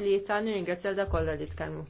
tlieta nirringrazzjaw da kollha li tkellmu.